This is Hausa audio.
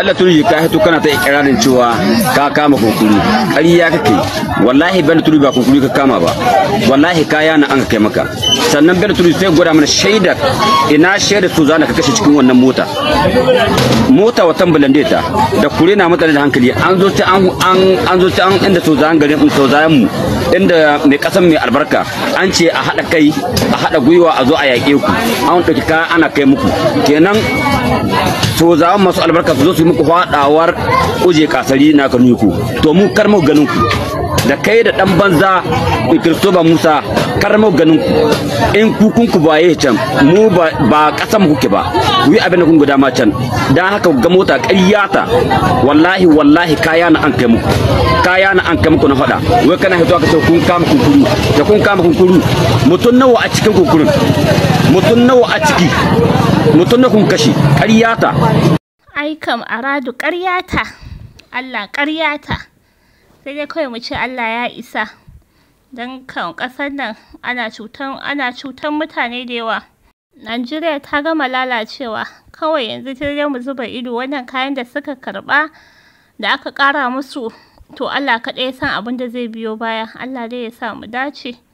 Allah turu ka hito kana ta ikirarin cewa ka kama kunkuru ya kake wallahi ban turu ba kunkuru ka kama ba wallahi ka yana an kai maka sannan ban turu sai gwada mana shaidar ina shaidar su zana ka kashe cikin wannan mota mota watan blandeta da kure na matsalar da hankali an zo ta an an zo ta an inda su zan garin so zan mu inda mai kasan mai albarka an ce a hada kai a hada gwiwa a zo a yaƙe ku an dauki ka ana kai muku kenan to za mu masu albarka su zo su yi muku faɗawar kuje kasari na kanuku to mu kar mu ganin ku da kai da dan banza Kristoba Musa kar ganin ganin in ku kun ku baye can mu ba mu kuke ba ku yi abin da kun guda ma can dan haka ga mota ƙaryata wallahi wallahi kaya na an kai muku kaya na an kai muku na fada wai kana hito ka kun kama kunkuru da kun kama kunkuru mutum nawa a cikin kunkurun mutum nawa a ciki mutum na kun kashi ƙaryata ai kam aradu ƙaryata Allah ƙaryata sai dai kawai mu ce Allah ya isa don kan ƙasar nan ana cutan ana cutan mutane da yawa Najeriya ta gama lalacewa kawai yanzu sai dai mu zuba ido wannan kayan da suka karba da aka ƙara musu to Allah kaɗai ya san abin da zai biyo baya Allah dai ya sa mu dace